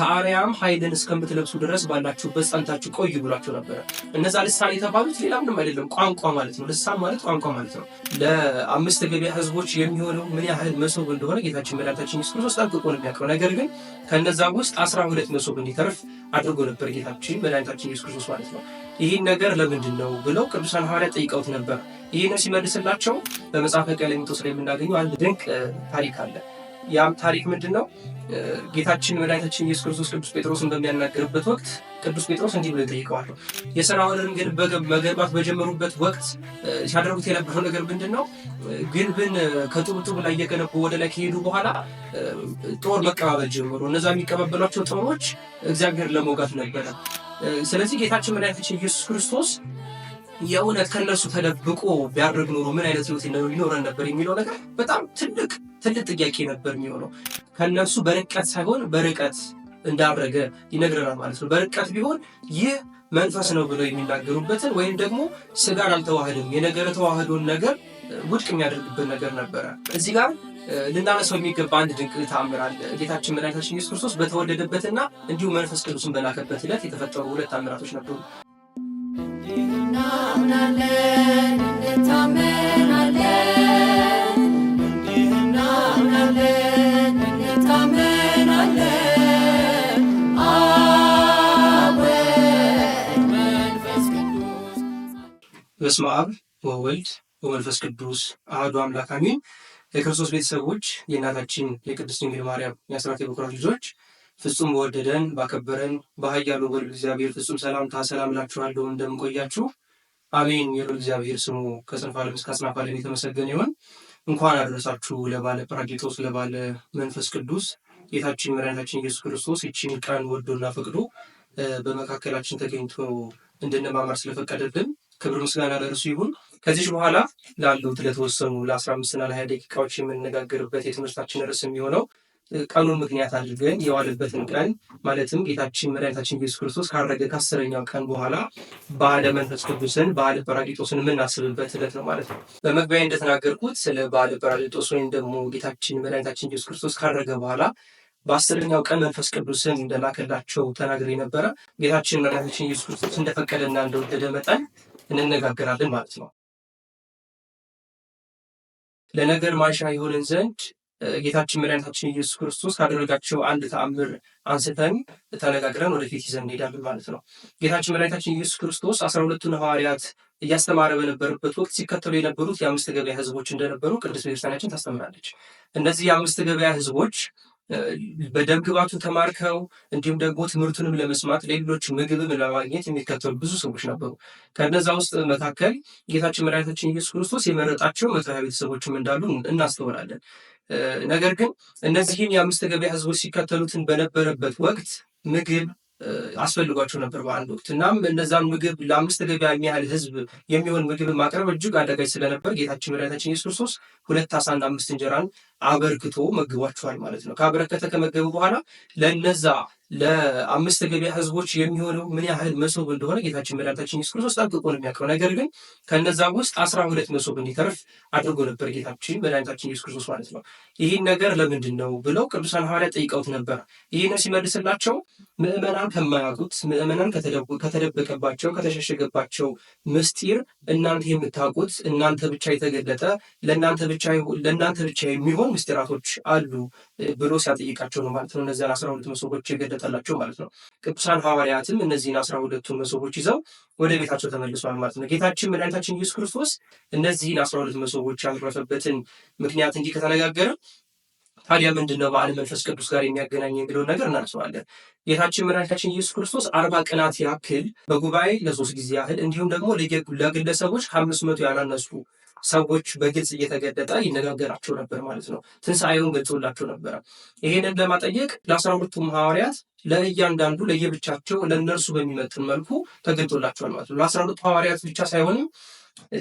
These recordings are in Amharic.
ከአርያም ኃይልን እስከምትለብሱ ድረስ ባላችሁበት ጸንታችሁ ቆዩ ብሏቸው ነበረ። እነዛ ልሳን የተባሉት ሌላ ምንም አይደለም፣ ቋንቋ ማለት ነው። ልሳን ማለት ቋንቋ ማለት ነው። ለአምስት ገበያ ህዝቦች የሚሆነው ምን ያህል መሶብ እንደሆነ ጌታችን መድኃኒታችን ኢየሱስ ክርስቶስ ጠንቅቆ ነው የሚያውቀው። ነገር ግን ከነዛ ውስጥ አስራ ሁለት መሶብ እንዲተርፍ አድርጎ ነበር ጌታችን መድኃኒታችን ኢየሱስ ክርስቶስ ማለት ነው። ይህን ነገር ለምንድን ነው ብለው ቅዱሳን ሐዋርያ ጠይቀውት ነበር። ይህን ሲመልስላቸው በመጽሐፈ ቀሌምንጦስ ላይ የምናገኘው አንድ ድንቅ ታሪክ አለ። ያም ታሪክ ምንድን ነው? ጌታችን መድኃኒታችን ኢየሱስ ክርስቶስ ቅዱስ ጴጥሮስን በሚያናገርበት ወቅት ቅዱስ ጴጥሮስ እንዲህ ብሎ ጠይቀዋለሁ። የሰናዖርን ግን መገንባት በጀመሩበት ወቅት ሲያደርጉት የነበረው ነገር ምንድን ነው? ግንብን ከጡብጡብ ላይ እየገነቡ ወደ ላይ ከሄዱ በኋላ ጦር መቀባበል ጀምሮ እነዛ የሚቀባበሏቸው ጦሮች እግዚአብሔር ለመውጋት ነበረ። ስለዚህ ጌታችን መድኃኒታችን ኢየሱስ ክርስቶስ የእውነት ከነሱ ተደብቆ ቢያደርግ ኖሮ ምን አይነት ህይወት ሊኖረን ነበር የሚለው ነገር በጣም ትልቅ ትልቅ ጥያቄ ነበር የሚሆነው። ከነሱ በርቀት ሳይሆን በርቀት እንዳረገ ይነግረናል ማለት ነው። በርቀት ቢሆን ይህ መንፈስ ነው ብለው የሚናገሩበትን ወይም ደግሞ ስጋን አልተዋህድም የነገረ ተዋህዶን ነገር ውድቅ የሚያደርግበት ነገር ነበረ። እዚህ ጋር ልናነሰው የሚገባ አንድ ድንቅ ተአምር አለ። ጌታችን መድኃኒታችን ኢየሱስ ክርስቶስ በተወለደበትና እንዲሁም መንፈስ ቅዱስን በላከበት ዕለት የተፈጠሩ ሁለት ተአምራቶች ነበሩ። እናምናለን በስመ አብ ወወልድ በመንፈስ ቅዱስ አሐዱ አምላክ አሜን። የክርስቶስ ቤተሰቦች የእናታችን የቅድስት ድንግል ማርያም የአስራት የበኩራት ልጆች ፍጹም በወደደን ባከበረን በኃያሉ ወልድ እግዚአብሔር ፍጹም ሰላምታ ሰላም እላችኋለሁ። እንደምንቆያችሁ አሜን። የሉ እግዚአብሔር ስሙ ከጽንፈ ዓለም እስከ አጽናፈ ዓለም የተመሰገነ ይሁን። እንኳን አደረሳችሁ ለባለ ጰራቅሊጦስ ለባለ መንፈስ ቅዱስ ጌታችን መድኃኒታችን ኢየሱስ ክርስቶስ ይችን ቀን ወዶና ፈቅዶ በመካከላችን ተገኝቶ እንድንማማር ስለፈቀደልን ክብር ምስጋና ለእርሱ ይሁን። ከዚህ በኋላ ላሉት ለተወሰኑ ለአስራ አምስትና ለሀያ ደቂቃዎች የምንነጋገርበት የትምህርታችን ርዕስ የሚሆነው ቀኑን ምክንያት አድርገን የዋለበትን ቀን ማለትም ጌታችን መድኃኒታችን ኢየሱስ ክርስቶስ ካረገ ከአስረኛው ቀን በኋላ በዓለ መንፈስ ቅዱስን በዓለ ጰራቅሊጦስን የምናስብበት ዕለት ነው ማለት ነው። በመግቢያ እንደተናገርኩት ስለ በዓለ ጰራቅሊጦስ ወይም ደግሞ ጌታችን መድኃኒታችን ኢየሱስ ክርስቶስ ካረገ በኋላ በአስረኛው ቀን መንፈስ ቅዱስን እንደላከላቸው ተናግሬ ነበረ። ጌታችን መድኃኒታችን ኢየሱስ ክርስቶስ እንደፈቀደና እንደወደደ መጠን እንነጋገራለን ማለት ነው። ለነገር ማሻ የሆንን ዘንድ ጌታችን መድኃኒታችን ኢየሱስ ክርስቶስ ካደረጋቸው አንድ ተአምር አንስተን ተነጋግረን ወደፊት ይዘን እንሄዳለን ማለት ነው። ጌታችን መድኃኒታችን ኢየሱስ ክርስቶስ አስራ ሁለቱን ሐዋርያት እያስተማረ በነበረበት ወቅት ሲከተሉ የነበሩት የአምስት ገበያ ሕዝቦች እንደነበሩ ቅድስት ቤተክርስቲያናችን ታስተምራለች። እነዚህ የአምስት ገበያ ሕዝቦች በደም ግባቱ ተማርከው እንዲሁም ደግሞ ትምህርቱንም ለመስማት ለሌሎች ምግብም ለማግኘት የሚከተሉ ብዙ ሰዎች ነበሩ። ከነዛ ውስጥ መካከል ጌታችን መድኃኒታችን ኢየሱስ ክርስቶስ የመረጣቸው መቶ ቤተሰቦችም እንዳሉ እናስተውላለን። ነገር ግን እነዚህን የአምስት ገበያ ህዝቦች ሲከተሉትን በነበረበት ወቅት ምግብ አስፈልጓቸው ነበር በአንድ ወቅት። እናም እነዛን ምግብ ለአምስት ገበያ የሚያህል ህዝብ የሚሆን ምግብ ማቅረብ እጅግ አደጋጅ ስለነበር ጌታችን መድኃኒታችን ኢየሱስ ክርስቶስ ሁለት አሳና አምስት እንጀራን አበርክቶ መግቧቸዋል ማለት ነው። ካበረከተ ከመገቡ በኋላ ለነዛ ለአምስት ገበያ ህዝቦች የሚሆነው ምን ያህል መሶብ እንደሆነ ጌታችን መድኃኒታችን ኢየሱስ ክርስቶስ ጠብቆ ነው የሚያውቀው። ነገር ግን ከነዛ ውስጥ አስራ ሁለት መሶብ እንዲተርፍ አድርጎ ነበር ጌታችን መድኃኒታችን ኢየሱስ ክርስቶስ ማለት ነው። ይህን ነገር ለምንድን ነው ብለው ቅዱሳን ሐዋርያት ጠይቀውት ነበር። ይህን ሲመልስላቸው ምእመናን ከማያውቁት ምእመናን ከተደበቀባቸው ከተሸሸገባቸው ምስጢር እናንተ የምታውቁት እናንተ ብቻ የተገለጠ ለእናንተ ብቻ የሚሆን ምስጢራቶች አሉ ብሎ ሲያጠይቃቸው ነው ማለት ነው። እነዚያን አስራ ሁለት መሶቦች የገለጠላቸው ማለት ነው። ቅዱሳን ሐዋርያትም እነዚህን አስራ ሁለቱን መሶቦች ይዘው ወደ ቤታቸው ተመልሷል ማለት ነው። ጌታችን መድኃኒታችን ኢየሱስ ክርስቶስ እነዚህን አስራ ሁለት መሶቦች ያረፈበትን ምክንያት እንዲህ ከተነጋገረ ታዲያ ምንድን ነው በዓለ መንፈስ ቅዱስ ጋር የሚያገናኝ የሚለውን ነገር እናነሰዋለን። ጌታችን መድኃኒታችን ኢየሱስ ክርስቶስ አርባ ቀናት ያክል በጉባኤ ለሶስት ጊዜ ያህል እንዲሁም ደግሞ ለግለሰቦች ከአምስት መቶ ያላነሱ ሰዎች በግልጽ እየተገለጠ ይነጋገራቸው ነበር ማለት ነው። ትንሣኤውን ገልጾላቸው ነበረ። ይሄንን ለማጠየቅ ለአስራ ሁለቱም ሐዋርያት ለእያንዳንዱ ለየብቻቸው ለእነርሱ በሚመጥን መልኩ ተገልጦላቸዋል ማለት ነው። ለአስራ ሁለቱ ሐዋርያት ብቻ ሳይሆንም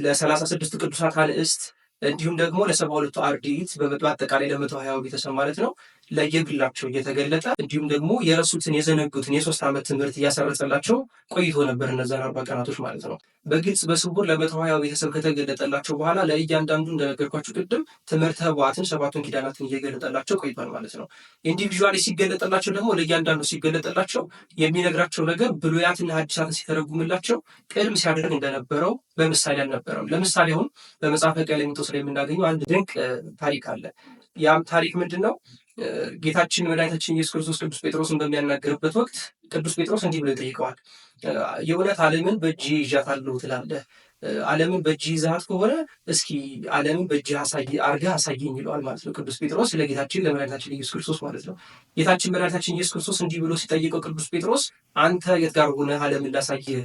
ለሰላሳ ስድስት ቅዱሳት አንስት እንዲሁም ደግሞ ለሰባ ሁለቱ አርድእት በአጠቃላይ ለመቶ ሀያው ቤተሰብ ማለት ነው ለየግላቸው እየተገለጠ እንዲሁም ደግሞ የረሱትን የዘነጉትን የሶስት ዓመት ትምህርት እያሰረጸላቸው ቆይቶ ነበር እነዛን አርባ ቀናቶች ማለት ነው። በግልጽ በስውር ለመቶ ቤተሰብ ከተገለጠላቸው በኋላ ለእያንዳንዱ እንደነገርኳቸው ቅድም ትምህርተ ኅቡዓትን ሰባቱን ኪዳናትን እየገለጠላቸው ቆይቷል ማለት ነው። ኢንዲቪዥዋሊ ሲገለጠላቸው ደግሞ ለእያንዳንዱ ሲገለጠላቸው የሚነግራቸው ነገር ብሉያትና ሐዲሳትን ሲተረጉምላቸው ቅድም ሲያደርግ እንደነበረው በምሳሌ አልነበረም። ለምሳሌ አሁን በመጽሐፈ ቀሌምንጦስ ላይ የምናገኘው አንድ ድንቅ ታሪክ አለ። ያም ታሪክ ምንድን ነው? ጌታችን መድኃኒታችን ኢየሱስ ክርስቶስ ቅዱስ ጴጥሮስን በሚያናገርበት ወቅት ቅዱስ ጴጥሮስ እንዲህ ብሎ ይጠይቀዋል። የእውነት ዓለምን በእጅ ይዣታለሁ ትላለህ? ዓለምን በእጅ ይዛት ከሆነ እስኪ ዓለምን በእጅ አድርገህ አሳየኝ ይለዋል ማለት ነው። ቅዱስ ጴጥሮስ ለጌታችን ለመድኃኒታችን ኢየሱስ ክርስቶስ ማለት ነው። ጌታችን መድኃኒታችን ኢየሱስ ክርስቶስ እንዲህ ብሎ ሲጠይቀው ቅዱስ ጴጥሮስ አንተ የት ጋር ሆነህ ዓለምን ላሳይህ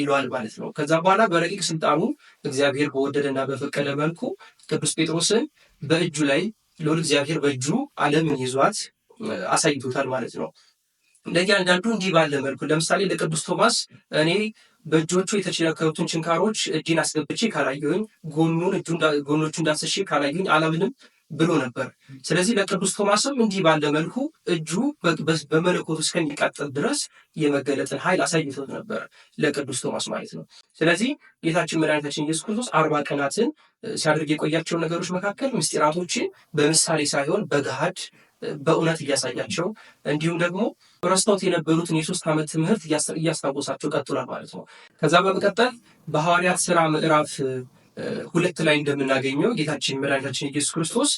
ይለዋል ማለት ነው። ከዛ በኋላ በረቂቅ ስልጣኑ እግዚአብሔር በወደደና በፈቀደ መልኩ ቅዱስ ጴጥሮስን በእጁ ላይ ልዑል እግዚአብሔር በእጁ ዓለምን ይዟት አሳይቶታል ማለት ነው። እንደዚህ አንዳንዱ እንዲህ ባለ መልኩ ለምሳሌ ለቅዱስ ቶማስ እኔ በእጆቹ የተቸነከሩትን ችንካሮች እጅን አስገብቼ ካላየሁኝ፣ ጎኑን ጎኖቹ እንዳሰሼ ካላየሁኝ አላምንም ብሎ ነበር። ስለዚህ ለቅዱስ ቶማስም እንዲህ ባለ መልኩ እጁ በመለኮቱ እስከሚቀጥል ድረስ የመገለጥን ኃይል አሳይቶት ነበር ለቅዱስ ቶማስ ማለት ነው። ስለዚህ ጌታችን መድኃኒታችን ኢየሱስ ክርስቶስ አርባ ቀናትን ሲያደርግ የቆያቸው ነገሮች መካከል ምስጢራቶችን በምሳሌ ሳይሆን በገሃድ በእውነት እያሳያቸው እንዲሁም ደግሞ ረስተውት የነበሩትን የሶስት ዓመት ትምህርት እያስታወሳቸው ቀጥሏል ማለት ነው። ከዛ በመቀጠል በሐዋርያት ስራ ምዕራፍ ሁለት ላይ እንደምናገኘው ጌታችን መድኃኒታችን ኢየሱስ ክርስቶስ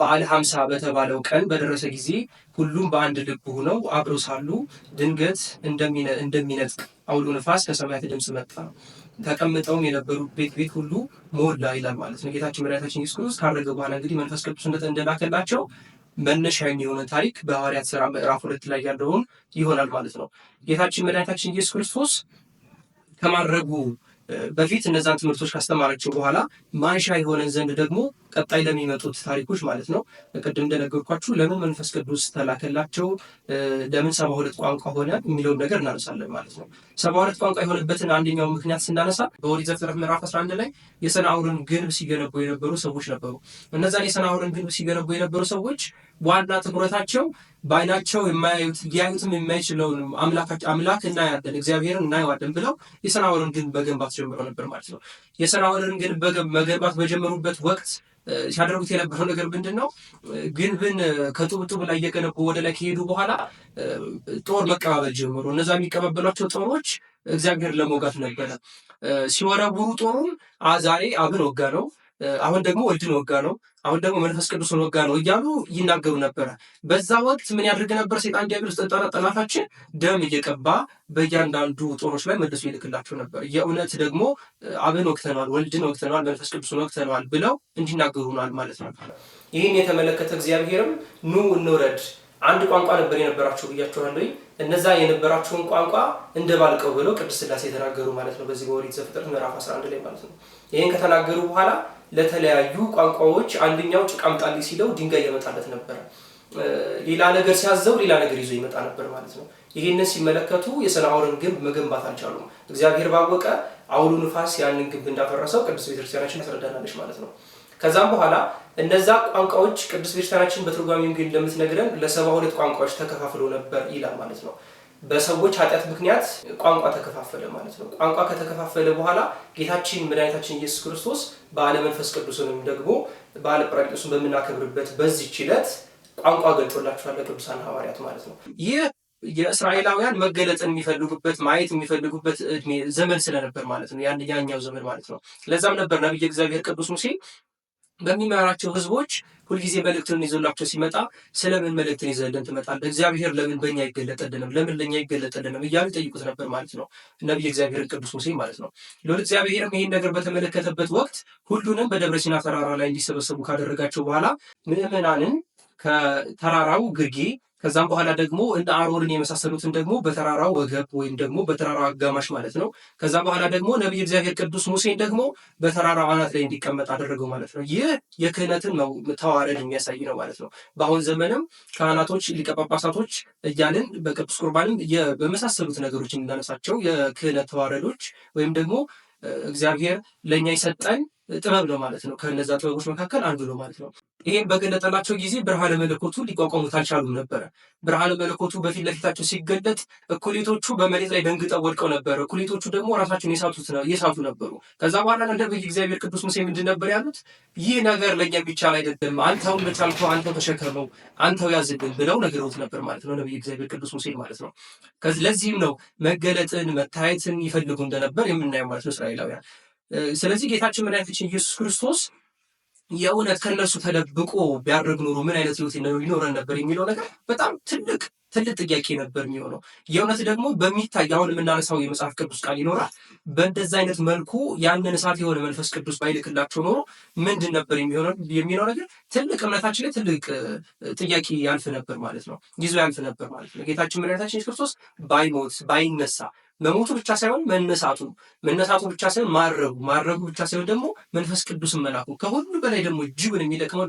በዓለ ሀምሳ በተባለው ቀን በደረሰ ጊዜ ሁሉም በአንድ ልብ ሆነው አብረው ሳሉ ድንገት እንደሚነጥቅ አውሎ ነፋስ ከሰማያት ድምፅ መጣ፣ ተቀምጠውም የነበሩበት ቤት ሁሉ ሞላ ይላል ማለት ነው። ጌታችን መድኃኒታችን ኢየሱስ ክርስቶስ ካረገ በኋላ እንግዲህ መንፈስ ቅዱስ እንደላከላቸው መነሻ የሚሆነ ታሪክ በሐዋርያት ስራ ምዕራፍ ሁለት ላይ ያለውን ይሆናል ማለት ነው። ጌታችን መድኃኒታችን ኢየሱስ ክርስቶስ ከማድረጉ በፊት እነዛን ትምህርቶች ካስተማረችው በኋላ ማንሻ የሆነን ዘንድ ደግሞ ቀጣይ ለሚመጡት ታሪኮች ማለት ነው። ቅድም እንደነገርኳችሁ ለምን መንፈስ ቅዱስ ተላከላቸው፣ ለምን ሰባ ሁለት ቋንቋ ሆነ የሚለውን ነገር እናነሳለን ማለት ነው። ሰባ ሁለት ቋንቋ የሆነበትን አንደኛው ምክንያት ስናነሳ በኦሪት ዘፍጥረት ምዕራፍ 11 ላይ የሰናዖርን ግንብ ሲገነቡ የነበሩ ሰዎች ነበሩ። እነዛን የሰናዖርን ግንብ ሲገነቡ የነበሩ ሰዎች ዋና ትኩረታቸው በዓይናቸው የማያዩት ሊያዩትም የማይችለውን አምላክ እናያለን፣ እግዚአብሔርን እናየዋለን ብለው የሰናዖርን ግንብ መገንባት ጀምረው ነበር ማለት ነው። የሰራውን ግንብ መገንባት በጀመሩበት ወቅት ሲያደርጉት የነበረው ነገር ምንድን ነው? ግንብን ከጡብጡብ ላይ እየገነቡ ወደ ላይ ከሄዱ በኋላ ጦር መቀባበል ጀምሮ እነዛ የሚቀባበሏቸው ጦሮች እግዚአብሔር ለመውጋት ነበረ። ሲወረውሩ ጦሩም ዛሬ አብን ወጋ ነው፣ አሁን ደግሞ ወልድን ወጋ ነው አሁን ደግሞ መንፈስ ቅዱስን ወጋ ነው እያሉ ይናገሩ ነበረ። በዛ ወቅት ምን ያደርግ ነበር? ሴጣን ዲያብሎስ ጠላታችን ደም እየቀባ በእያንዳንዱ ጦሮች ላይ መልሶ ይልክላቸው ነበር። የእውነት ደግሞ አብን ወቅተነዋል፣ ወልድን ወቅተነዋል፣ መንፈስ ቅዱስን ወቅተነዋል ብለው እንዲናገሩ ሆኗል ማለት ነው። ይህን የተመለከተ እግዚአብሔርም ኑ እንውረድ፣ አንድ ቋንቋ ነበር የነበራቸው ብያቸዋለሁ። እነዛ የነበራቸውን ቋንቋ እንደ ባልቀው ብለው ቅዱስ ስላሴ የተናገሩ ማለት ነው። በዚህ በኦሪት ዘፍጥረት ምዕራፍ 11 ላይ ማለት ነው። ይህን ከተናገሩ በኋላ ለተለያዩ ቋንቋዎች አንደኛው ጭቃ አምጣልኝ ሲለው ድንጋይ እያመጣለት ነበር። ሌላ ነገር ሲያዘው ሌላ ነገር ይዞ ይመጣ ነበር ማለት ነው። ይህንን ሲመለከቱ የሰናዖርን ግንብ መገንባት አልቻሉም። እግዚአብሔር ባወቀ አውሎ ንፋስ ያንን ግንብ እንዳፈረሰው ቅዱስ ቤተክርስቲያናችን ታስረዳናለች ማለት ነው። ከዛም በኋላ እነዛ ቋንቋዎች ቅዱስ ቤተክርስቲያናችን በትርጓሜም ግን ለምትነግረን ለሰባ ሁለት ቋንቋዎች ተከፋፍሎ ነበር ይላል ማለት ነው። በሰዎች ኃጢአት ምክንያት ቋንቋ ተከፋፈለ ማለት ነው። ቋንቋ ከተከፋፈለ በኋላ ጌታችን መድኃኒታችን ኢየሱስ ክርስቶስ በዓለ መንፈስ ቅዱስንም ደግሞ በዓለ ጰራቅሊጦስን በምናከብርበት በዚህች ዕለት ቋንቋ ገልጦላችኋል ለቅዱሳን ሐዋርያት ማለት ነው። ይህ የእስራኤላውያን መገለጥን የሚፈልጉበት ማየት የሚፈልጉበት እድሜ ዘመን ስለነበር ማለት ነው። ያኛው ዘመን ማለት ነው። ለዛም ነበር ነቢየ እግዚአብሔር ቅዱስ ሙሴ በሚመራቸው ህዝቦች ሁልጊዜ መልእክትን ይዞላቸው ሲመጣ ስለምን መልእክትን ይዘልን ትመጣለህ? እግዚአብሔር ለምን በእኛ ይገለጠልንም? ለምን ለእኛ ይገለጠልንም? እያሉ ይጠይቁት ነበር ማለት ነው። ነቢይ እግዚአብሔር ቅዱስ ሙሴ ማለት ነው። ልዑል እግዚአብሔርም ይህን ነገር በተመለከተበት ወቅት ሁሉንም በደብረ ሲና ተራራ ላይ እንዲሰበሰቡ ካደረጋቸው በኋላ ምዕመናንን ከተራራው ግርጌ ከዛም በኋላ ደግሞ እንደ አሮንን የመሳሰሉትን ደግሞ በተራራው ወገብ ወይም ደግሞ በተራራው አጋማሽ ማለት ነው። ከዛም በኋላ ደግሞ ነቢይ እግዚአብሔር ቅዱስ ሙሴን ደግሞ በተራራው አናት ላይ እንዲቀመጥ አደረገው ማለት ነው። ይህ የክህነትን ተዋረድ የሚያሳይ ነው ማለት ነው። በአሁን ዘመንም ካህናቶች፣ ሊቀጳጳሳቶች እያልን በቅዱስ ቁርባንም በመሳሰሉት ነገሮች የምናነሳቸው የክህነት ተዋረዶች ወይም ደግሞ እግዚአብሔር ለእኛ ይሰጠን ጥበብ ነው ማለት ነው። ከነዛ ጥበቦች መካከል አንዱ ነው ማለት ነው። ይህም በገለጠላቸው ጊዜ ብርሃነ መለኮቱ ሊቋቋሙት አልቻሉም ነበረ። ብርሃነ መለኮቱ በፊት ለፊታቸው ሲገለጥ እኩሌቶቹ በመሬት ላይ ደንግጠው ወድቀው ነበረ። እኩሌቶቹ ደግሞ ራሳቸውን የሳቱ ነበሩ። ከዛ በኋላ እንደ በይ እግዚአብሔር ቅዱስ ሙሴ ምንድን ነበር ያሉት? ይህ ነገር ለእኛ የሚቻል አይደለም፣ አንተው በቻልኮ አንተ ተሸከመው፣ አንተው ያዝልን ብለው ነገረውት ነበር ማለት ነው። ነብይ እግዚአብሔር ቅዱስ ሙሴ ማለት ነው። ለዚህም ነው መገለጥን መታየትን ይፈልጉ እንደነበር የምናየው ማለት ነው እስራኤላውያን ስለዚህ ጌታችን መድኃኒታችን ኢየሱስ ክርስቶስ የእውነት ከነሱ ተደብቆ ቢያደርግ ኖሮ ምን አይነት ህይወት ይኖረን ነበር የሚለው ነገር በጣም ትልቅ ትልቅ ጥያቄ ነበር የሚሆነው። የእውነት ደግሞ በሚታይ አሁን የምናነሳው የመጽሐፍ ቅዱስ ቃል ይኖራል። በእንደዚ አይነት መልኩ ያንን እሳት የሆነ መንፈስ ቅዱስ ባይልክላቸው ኖሮ ምንድን ነበር የሚለው ነገር ትልቅ እምነታችን ላይ ትልቅ ጥያቄ ያልፍ ነበር ማለት ነው፣ ይዞ ያልፍ ነበር ማለት ነው። ጌታችን መድኃኒታችን ኢየሱስ ክርስቶስ ባይሞት ባይነሳ መሞቱ ብቻ ሳይሆን መነሳቱ መነሳቱ ብቻ ሳይሆን ማረጉ፣ ማረጉ ብቻ ሳይሆን ደግሞ መንፈስ ቅዱስን መላኩ፣ ከሁሉ በላይ ደግሞ እጅጉን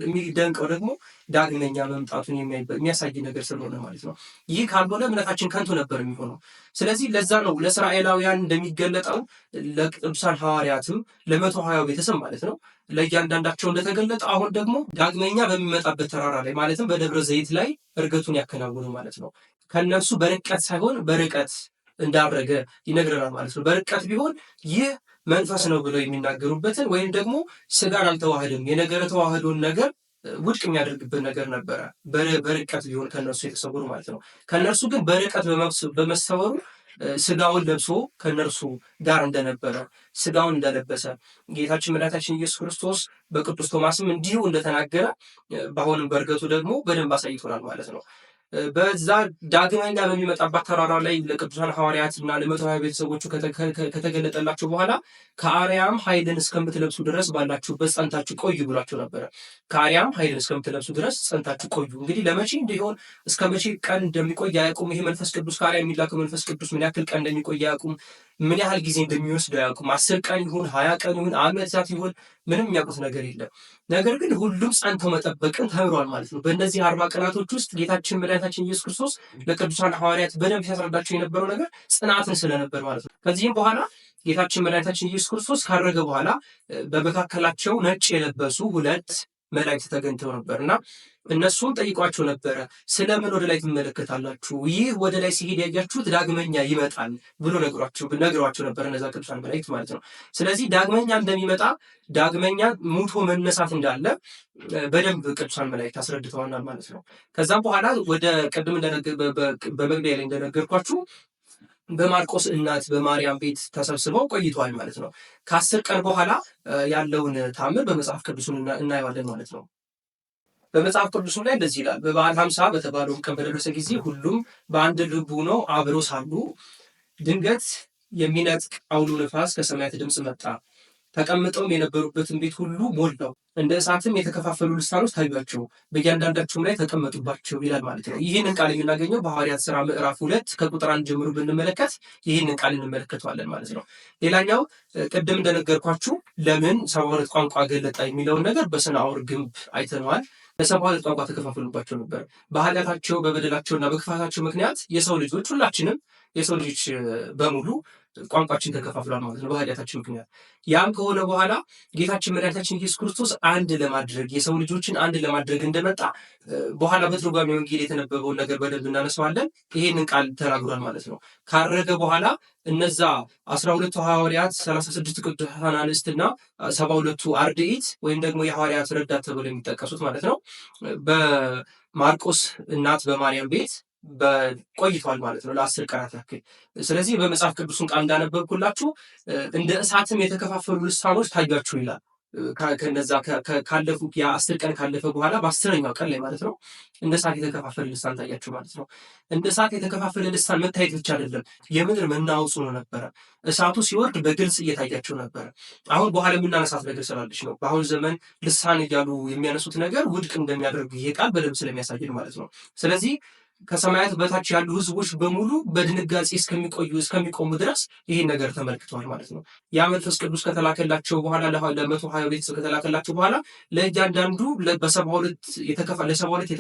የሚደንቀው ደግሞ ዳግመኛ መምጣቱን የሚያሳይ ነገር ስለሆነ ማለት ነው። ይህ ካልሆነ እምነታችን ከንቱ ነበር የሚሆነው። ስለዚህ ለዛ ነው ለእስራኤላውያን እንደሚገለጠው ለቅዱሳን ሐዋርያትም ለመቶ ሀያው ቤተሰብ ማለት ነው ለእያንዳንዳቸው እንደተገለጠ አሁን ደግሞ ዳግመኛ በሚመጣበት ተራራ ላይ ማለትም በደብረ ዘይት ላይ እርገቱን ያከናውኑ ማለት ነው። ከነሱ በርቀት ሳይሆን በርቀት እንዳረገ ይነግረናል ማለት ነው። በርቀት ቢሆን ይህ መንፈስ ነው ብለው የሚናገሩበትን ወይም ደግሞ ስጋን አልተዋህድም የነገረ ተዋህዶን ነገር ውድቅ የሚያደርግብን ነገር ነበረ። በርቀት ቢሆን ከነርሱ የተሰወሩ ማለት ነው። ከነርሱ ግን በርቀት በመሰወሩ ስጋውን ለብሶ ከነርሱ ጋር እንደነበረ ስጋውን እንደለበሰ ጌታችን መድኃኒታችን ኢየሱስ ክርስቶስ በቅዱስ ቶማስም እንዲሁ እንደተናገረ በአሁንም በእርገቱ ደግሞ በደንብ አሳይቶናል ማለት ነው። በዛ ዳግመኛ በሚመጣባት ተራራ ላይ ለቅዱሳን ሐዋርያት እና ለመቶ ሀያ ቤተሰቦቹ ከተገለጠላቸው በኋላ ከአርያም ኃይልን እስከምትለብሱ ድረስ ባላችሁበት ጸንታችሁ ቆዩ ብሏቸው ነበረ። ከአርያም ኃይልን እስከምትለብሱ ድረስ ጸንታችሁ ቆዩ። እንግዲህ ለመቼ እንዲሆን እስከ መቼ ቀን እንደሚቆይ አያውቁም። ይሄ መንፈስ ቅዱስ ከአርያም የሚላከው መንፈስ ቅዱስ ምን ያክል ቀን እንደሚቆይ አያውቁም። ምን ያህል ጊዜ እንደሚወስድ አያውቁም። አስር ቀን ይሁን ሀያ ቀን ይሁን ዓመታት ይሁን ምንም የሚያውቁት ነገር የለም። ነገር ግን ሁሉም ጸንተው መጠበቅን ተምሯል ማለት ነው። በእነዚህ አርባ ቀናቶች ውስጥ ጌታችን መድኃኒታችን ኢየሱስ ክርስቶስ ለቅዱሳን ሐዋርያት በደንብ ሲያስረዳቸው የነበረው ነገር ጽናትን ስለነበር ማለት ነው። ከዚህም በኋላ ጌታችን መድኃኒታችን ኢየሱስ ክርስቶስ ካረገ በኋላ በመካከላቸው ነጭ የለበሱ ሁለት መላእክት ተገኝተው ነበር እና እነሱም ጠይቋቸው ነበረ፣ ስለምን ወደ ላይ ትመለከታላችሁ? ይህ ወደ ላይ ሲሄድ ያያችሁት ዳግመኛ ይመጣል ብሎ ነግሯቸው ነበር፣ እነዛ ቅዱሳን መላእክት ማለት ነው። ስለዚህ ዳግመኛ እንደሚመጣ ዳግመኛ ሙቶ መነሳት እንዳለ በደንብ ቅዱሳን መላእክት አስረድተዋናል ማለት ነው። ከዛም በኋላ ወደ ቅድም በመግቢያ ላይ እንደነገርኳችሁ በማርቆስ እናት በማርያም ቤት ተሰብስበው ቆይተዋል ማለት ነው። ከአስር ቀን በኋላ ያለውን ታምር በመጽሐፍ ቅዱሱን እናየዋለን ማለት ነው። በመጽሐፍ ቅዱሱ ላይ እንደዚህ ይላል። በበዓል ሀምሳ በተባለውም ቀን በደረሰ ጊዜ ሁሉም በአንድ ልቡ ነው አብሮ ሳሉ ድንገት የሚነጥቅ አውሎ ነፋስ ከሰማያት ድምፅ መጣ ተቀምጠውም የነበሩበትን ቤት ሁሉ ሞላው፣ እንደ እሳትም የተከፋፈሉ ልሳኖች ታዩአቸው፣ በእያንዳንዳቸውም ላይ ተቀመጡባቸው ይላል ማለት ነው። ይህንን ቃል የምናገኘው በሐዋርያት ስራ ምዕራፍ ሁለት ከቁጥር አንድ ጀምሮ ብንመለከት ይህንን ቃል እንመለከተዋለን ማለት ነው። ሌላኛው ቅድም እንደነገርኳችሁ ለምን ሰባ ሁለት ቋንቋ ገለጠ የሚለውን ነገር በሰናዖር ግንብ አይተነዋል። በሰባ ሁለት ቋንቋ ተከፋፈሉባቸው ነበር። በኃጢአታቸው በበደላቸውና በክፋታቸው ምክንያት የሰው ልጆች ሁላችንም የሰው ልጆች በሙሉ ቋንቋችን ተከፋፍሏል ማለት ነው በኃጢአታችን ምክንያት። ያም ከሆነ በኋላ ጌታችን መድኃኒታችን ኢየሱስ ክርስቶስ አንድ ለማድረግ የሰው ልጆችን አንድ ለማድረግ እንደመጣ በኋላ በትርጓሜ ወንጌል የተነበበውን ነገር በደንብ እናነሳዋለን። ይሄንን ቃል ተናግሯል ማለት ነው። ካረገ በኋላ እነዛ አስራ ሁለቱ ሐዋርያት፣ ሰላሳ ስድስት ቅዱሳን አንስትና ሰባ ሁለቱ አርድኢት ወይም ደግሞ የሐዋርያት ረዳት ተብሎ የሚጠቀሱት ማለት ነው በማርቆስ እናት በማርያም ቤት ቆይቷል ማለት ነው ለአስር ቀናት ያክል። ስለዚህ በመጽሐፍ ቅዱሱን ቃል እንዳነበብኩላችሁ እንደ እሳትም የተከፋፈሉ ልሳኖች ታያችሁ ይላል። ከነዛ ካለፉ የአስር ቀን ካለፈ በኋላ በአስረኛው ቀን ላይ ማለት ነው እንደ እሳት የተከፋፈለ ልሳን ታያችሁ ማለት ነው። እንደ እሳት የተከፋፈለ ልሳን መታየት ብቻ አይደለም፣ የምድር መናወጽ ነው ነበረ። እሳቱ ሲወርድ በግልጽ እየታያቸው ነበረ። አሁን በኋላ የምናነሳት ነገር ስላለች ነው። በአሁን ዘመን ልሳን እያሉ የሚያነሱት ነገር ውድቅ እንደሚያደርግ ይሄ ቃል በደንብ ስለሚያሳየን ማለት ነው። ስለዚህ ከሰማያት በታች ያሉ ህዝቦች በሙሉ በድንጋጼ እስከሚቆዩ እስከሚቆሙ ድረስ ይህን ነገር ተመልክተዋል ማለት ነው። ያ መንፈስ ቅዱስ ከተላከላቸው በኋላ ለመቶ ሀያ ቤተሰብ ከተላከላቸው በኋላ ለእያንዳንዱ ለሰባ ሁለት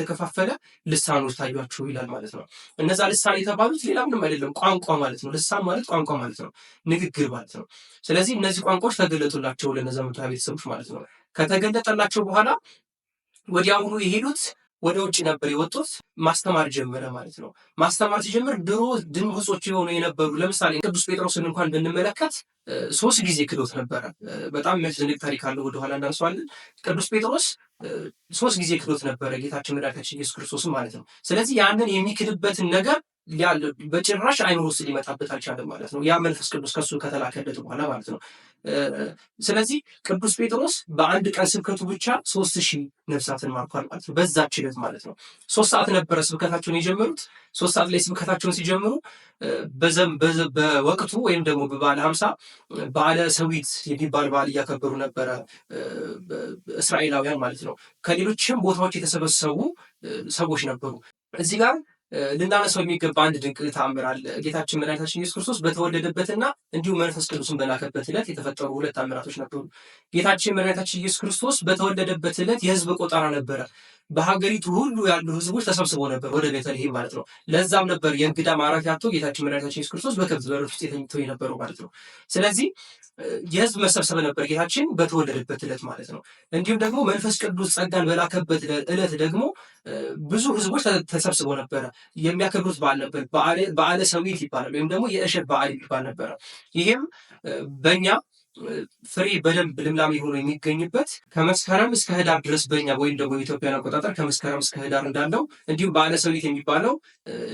የተከፋፈለ ልሳኖች ታያቸው ይላል ማለት ነው። እነዛ ልሳን የተባሉት ሌላ ምንም አይደለም ቋንቋ ማለት ነው። ልሳን ማለት ቋንቋ ማለት ነው፣ ንግግር ማለት ነው። ስለዚህ እነዚህ ቋንቋዎች ተገለጡላቸው ለነዛ መቶ ሀያ ቤተሰቦች ማለት ነው። ከተገለጠላቸው በኋላ ወዲያውኑ የሄዱት ወደ ውጭ ነበር የወጡት። ማስተማር ጀመረ ማለት ነው። ማስተማር ሲጀምር ድሮ ድንጉሶች የሆኑ የነበሩ ለምሳሌ ቅዱስ ጴጥሮስን እንኳን ብንመለከት ሶስት ጊዜ ክዶት ነበረ። በጣም የሚያስደንቅ ታሪክ አለው፣ ወደኋላ እናነሳዋለን። ቅዱስ ጴጥሮስ ሶስት ጊዜ ክዶት ነበረ ጌታችን መድኃኒታችን ኢየሱስ ክርስቶስን ማለት ነው። ስለዚህ ያንን የሚክድበትን ነገር በጭራሽ አይምሮ ውስጥ ሊመጣበት አልቻለም ማለት ነው። ያ መንፈስ ቅዱስ ከሱ ከተላከለት በኋላ ማለት ነው። ስለዚህ ቅዱስ ጴጥሮስ በአንድ ቀን ስብከቱ ብቻ ሶስት ሺህ ነፍሳትን ማርኳል ማለት ነው። በዛ ችለት ማለት ነው። ሶስት ሰዓት ነበረ ስብከታቸውን የጀመሩት። ሶስት ሰዓት ላይ ስብከታቸውን ሲጀምሩ በወቅቱ ወይም ደግሞ በበዓለ ሀምሳ በዓለ ሰዊት የሚባል በዓል እያከበሩ ነበረ እስራኤላውያን ማለት ነው። ከሌሎችም ቦታዎች የተሰበሰቡ ሰዎች ነበሩ እዚህ ጋር ልናነሰው የሚገባ አንድ ድንቅ ተአምር አለ። ጌታችን መድኃኒታችን ኢየሱስ ክርስቶስ በተወለደበትና እንዲሁም መንፈስ ቅዱስን በላከበት ዕለት የተፈጠሩ ሁለት ተአምራቶች ነበሩ። ጌታችን መድኃኒታችን ኢየሱስ ክርስቶስ በተወለደበት ዕለት የህዝብ ቆጠራ ነበረ። በሀገሪቱ ሁሉ ያሉ ህዝቦች ተሰብስበው ነበር ወደ ቤተልሔም ማለት ነው። ለዛም ነበር የእንግዳ ማረፊያ አጥቶ ጌታችን መድኃኒታችን ኢየሱስ ክርስቶስ በከብት በረት ውስጥ የተኝቶ የነበረው ማለት ነው። ስለዚህ የህዝብ መሰብሰብ ነበር ጌታችን በተወለደበት ዕለት ማለት ነው። እንዲሁም ደግሞ መንፈስ ቅዱስ ጸጋን በላከበት ዕለት ደግሞ ብዙ ህዝቦች ተሰብስቦ ነበረ። የሚያከብሩት በዓል ነበር፣ በዓለ ሰዊት ይባላል ወይም ደግሞ የእሸት በዓል ይባል ነበረ። ይህም በእኛ ፍሬ በደንብ ልምላሜ ሆኖ የሚገኝበት ከመስከረም እስከ ህዳር ድረስ በኛ ወይም ደግሞ ኢትዮጵያን አቆጣጠር ከመስከረም እስከ ህዳር እንዳለው እንዲሁም በዓለ ሰዊት የሚባለው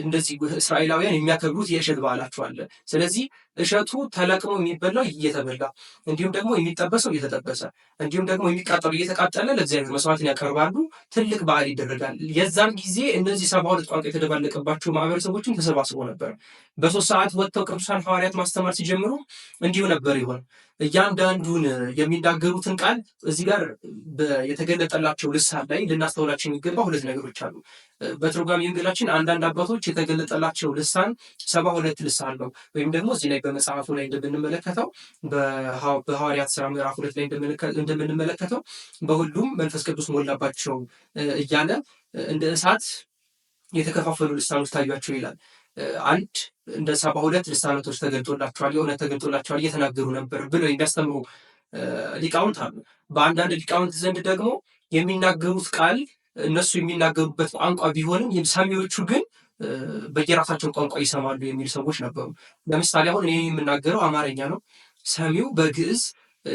እንደዚህ እስራኤላውያን የሚያከብሩት የእሸት በዓላቸው አለ። ስለዚህ እሸቱ ተለቅሞ የሚበላው እየተበላ እንዲሁም ደግሞ የሚጠበሰው እየተጠበሰ እንዲሁም ደግሞ የሚቃጠሉ እየተቃጠለ ለእግዚአብሔር መስዋዕትን ያቀርባሉ። ትልቅ በዓል ይደረጋል። የዛን ጊዜ እነዚህ ሰባ ሁለት ቋንቋ የተደባለቀባቸው ማህበረሰቦችን ተሰባስቦ ነበር። በሶስት ሰዓት ወጥተው ቅዱሳን ሐዋርያት ማስተማር ሲጀምሩ እንዲሁ ነበር ይሆን እያንዳንዱን የሚናገሩትን ቃል እዚህ ጋር የተገለጠላቸው ልሳን ላይ ልናስተውላቸው የሚገባ ሁለት ነገሮች አሉ። በትርጓሜ ወንጌላችን አንዳንድ አባቶች የተገለጠላቸው ልሳን ሰባ ሁለት ልሳን ነው ወይም ደግሞ እዚህ ላይ በመጽሐፉ ላይ እንደምንመለከተው በሐዋርያት ስራ ምዕራፍ ሁለት ላይ እንደምንመለከተው በሁሉም መንፈስ ቅዱስ ሞላባቸው እያለ እንደ እሳት የተከፋፈሉ ልሳኖች ታያቸው ይላል። አንድ እንደ ሰባ ሁለት ልሳነቶች ተገልጦላቸዋል፣ የሆነ ተገልጦላቸዋል እየተናገሩ ነበር ብለው የሚያስተምሩ ሊቃውንት አሉ። በአንዳንድ ሊቃውንት ዘንድ ደግሞ የሚናገሩት ቃል እነሱ የሚናገሩበት ቋንቋ ቢሆንም ሰሚዎቹ ግን በየራሳቸው ቋንቋ ይሰማሉ የሚሉ ሰዎች ነበሩ። ለምሳሌ አሁን እኔ የምናገረው አማርኛ ነው፣ ሰሚው በግዕዝ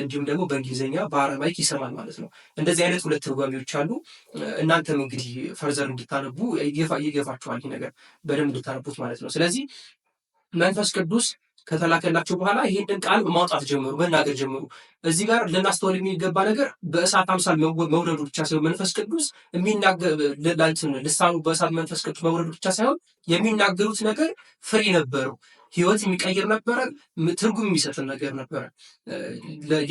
እንዲሁም ደግሞ በእንግሊዝኛ በአረማይክ ይሰማል ማለት ነው። እንደዚህ አይነት ሁለት ትርጓሚዎች አሉ። እናንተም እንግዲህ ፈርዘር እንድታነቡ ይገፋችኋል፣ ይህ ነገር በደንብ እንድታነቡት ማለት ነው። ስለዚህ መንፈስ ቅዱስ ከተላከላቸው በኋላ ይህንን ቃል ማውጣት ጀመሩ፣ መናገር ጀመሩ። እዚህ ጋር ልናስተውል የሚገባ ነገር በእሳት አምሳል መውረዱ ብቻ ሳይሆን መንፈስ ቅዱስ ልሳኑ በእሳት መንፈስ ቅዱስ መውረዱ ብቻ ሳይሆን የሚናገሩት ነገር ፍሬ ነበረው። ህይወት የሚቀይር ነበረ። ትርጉም የሚሰጥ ነገር ነበረ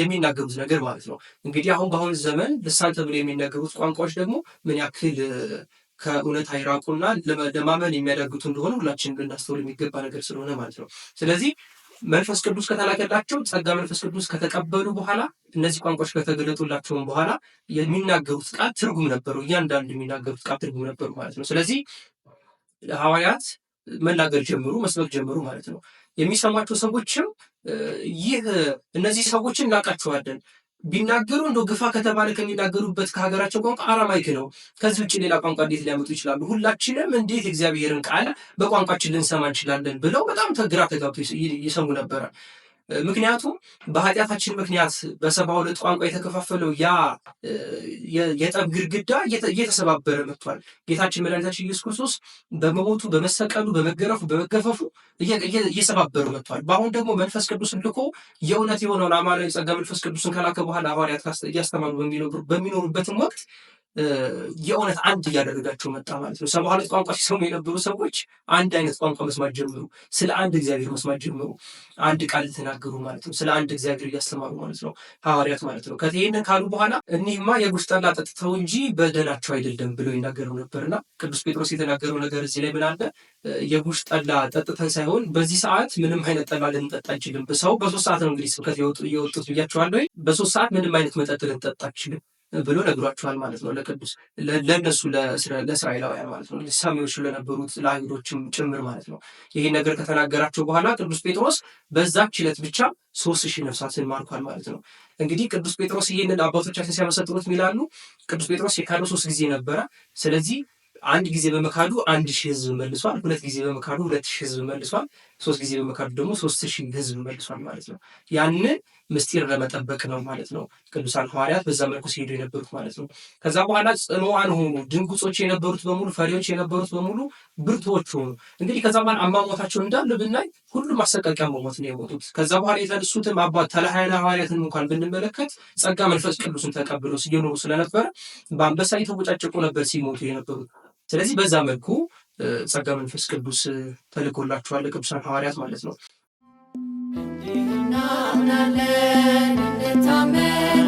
የሚናገሩት ነገር ማለት ነው። እንግዲህ አሁን በአሁን ዘመን ልሳን ተብሎ የሚናገሩት ቋንቋዎች ደግሞ ምን ያክል ከእውነት አይራቁና ለማመን የሚያዳግቱ እንደሆነ ሁላችን ልናስተውል የሚገባ ነገር ስለሆነ ማለት ነው። ስለዚህ መንፈስ ቅዱስ ከተላከላቸው ጸጋ መንፈስ ቅዱስ ከተቀበሉ በኋላ እነዚህ ቋንቋዎች ከተገለጡላቸውም በኋላ የሚናገሩት ቃል ትርጉም ነበሩ። እያንዳንዱ የሚናገሩት ቃል ትርጉም ነበሩ ማለት ነው። ስለዚህ ሐዋርያት መናገር ጀምሩ፣ መስበክ ጀምሩ ማለት ነው። የሚሰማቸው ሰዎችም ይህ እነዚህ ሰዎችን እናውቃቸዋለን ቢናገሩ እንደ ግፋ ከተባለ ከሚናገሩበት ከሀገራቸው ቋንቋ አራማይክ ነው። ከዚህ ውጭ ሌላ ቋንቋ እንዴት ሊያመጡ ይችላሉ? ሁላችንም እንዴት የእግዚአብሔርን ቃል በቋንቋችን ልንሰማ እንችላለን? ብለው በጣም ግራ ተጋብቶ ይሰሙ ነበረ። ምክንያቱም በኃጢአታችን ምክንያት በሰባ ሁለት ቋንቋ የተከፋፈለው ያ የጠብ ግድግዳ እየተሰባበረ መጥቷል። ጌታችን መድኃኒታችን ኢየሱስ ክርስቶስ በመሞቱ በመሰቀሉ፣ በመገረፉ፣ በመገፈፉ እየሰባበሩ መጥቷል። በአሁን ደግሞ መንፈስ ቅዱስን ልኮ የእውነት የሆነውን አማላዊ ጸጋ መንፈስ ቅዱስን ከላከ በኋላ ሐዋርያት እያስተማሩ በሚኖሩበትም ወቅት የእውነት አንድ እያደረጋቸው መጣ ማለት ነው። ሰባ ሁለት ቋንቋ ሲሰሙ የነበሩ ሰዎች አንድ አይነት ቋንቋ መስማት ጀምሩ፣ ስለ አንድ እግዚአብሔር መስማት ጀምሩ፣ አንድ ቃል ተናገሩ ማለት ነው። ስለ አንድ እግዚአብሔር እያስተማሩ ማለት ነው ሐዋርያት ማለት ነው። ከዚህን ካሉ በኋላ እኒህማ የጉስጠላ ጠጥተው እንጂ በደላቸው አይደለም ብለው ይናገሩ ነበርና ቅዱስ ጴጥሮስ የተናገረው ነገር እዚህ ላይ ምናለ የጉሽ ጠላ ጠጥተን ሳይሆን በዚህ ሰዓት ምንም አይነት ጠላ ልንጠጣ አንችልም። ሰው በሶስት ሰዓት ነው እንግዲህ ስብከት የወጡት ብያቸዋለሁ። በሶስት ሰዓት ምንም አይነት መጠጥ ልንጠጣ አንችልም ብሎ ነግሯቸዋል ማለት ነው። ለቅዱስ ለእነሱ ለእስራኤላውያን ማለት ነው፣ ሰሚዎች ለነበሩት ለአይሁዶችም ጭምር ማለት ነው። ይህ ነገር ከተናገራቸው በኋላ ቅዱስ ጴጥሮስ በዛች ዕለት ብቻ ሶስት ሺህ ነፍሳትን ማርኳል ማለት ነው። እንግዲህ ቅዱስ ጴጥሮስ ይህንን አባቶቻችን ሲያመሰጥሩት ሚላሉ ቅዱስ ጴጥሮስ የካደው ሶስት ጊዜ ነበረ። ስለዚህ አንድ ጊዜ በመካዱ አንድ ሺህ ህዝብ መልሷል። ሁለት ጊዜ በመካዱ ሁለት ሺህ ህዝብ መልሷል። ሶስት ጊዜ በመካዱ ደግሞ ሶስት ሺህ ህዝብ መልሷል ማለት ነው። ያንን ምስጢር ለመጠበቅ ነው ማለት ነው። ቅዱሳን ሐዋርያት በዛ መልኩ ሲሄዱ የነበሩት ማለት ነው። ከዛ በኋላ ጽኑዋን ሆኑ፣ ድንጉጾች የነበሩት በሙሉ ፈሪዎች የነበሩት በሙሉ ብርቶች ሆኑ። እንግዲህ ከዛ በኋላ አሟሟታቸው እንዳለ ብናይ ሁሉም አሰቃቂ መሞት ነው የሞቱት። ከዛ በኋላ የተነሱትም አባት ተለሃይለ ሐዋርያትን እንኳን ብንመለከት ጸጋ መንፈስ ቅዱስን ተቀብለው እየኖሩ ስለነበረ በአንበሳ የተቦጫጨቁ ነበር ሲሞቱ የነበሩት። ስለዚህ በዛ መልኩ ጸጋ መንፈስ ቅዱስ ተልኮላችኋል ቅዱሳን ሐዋርያት ማለት ነው። እንዲህ እናምናለን እንታመን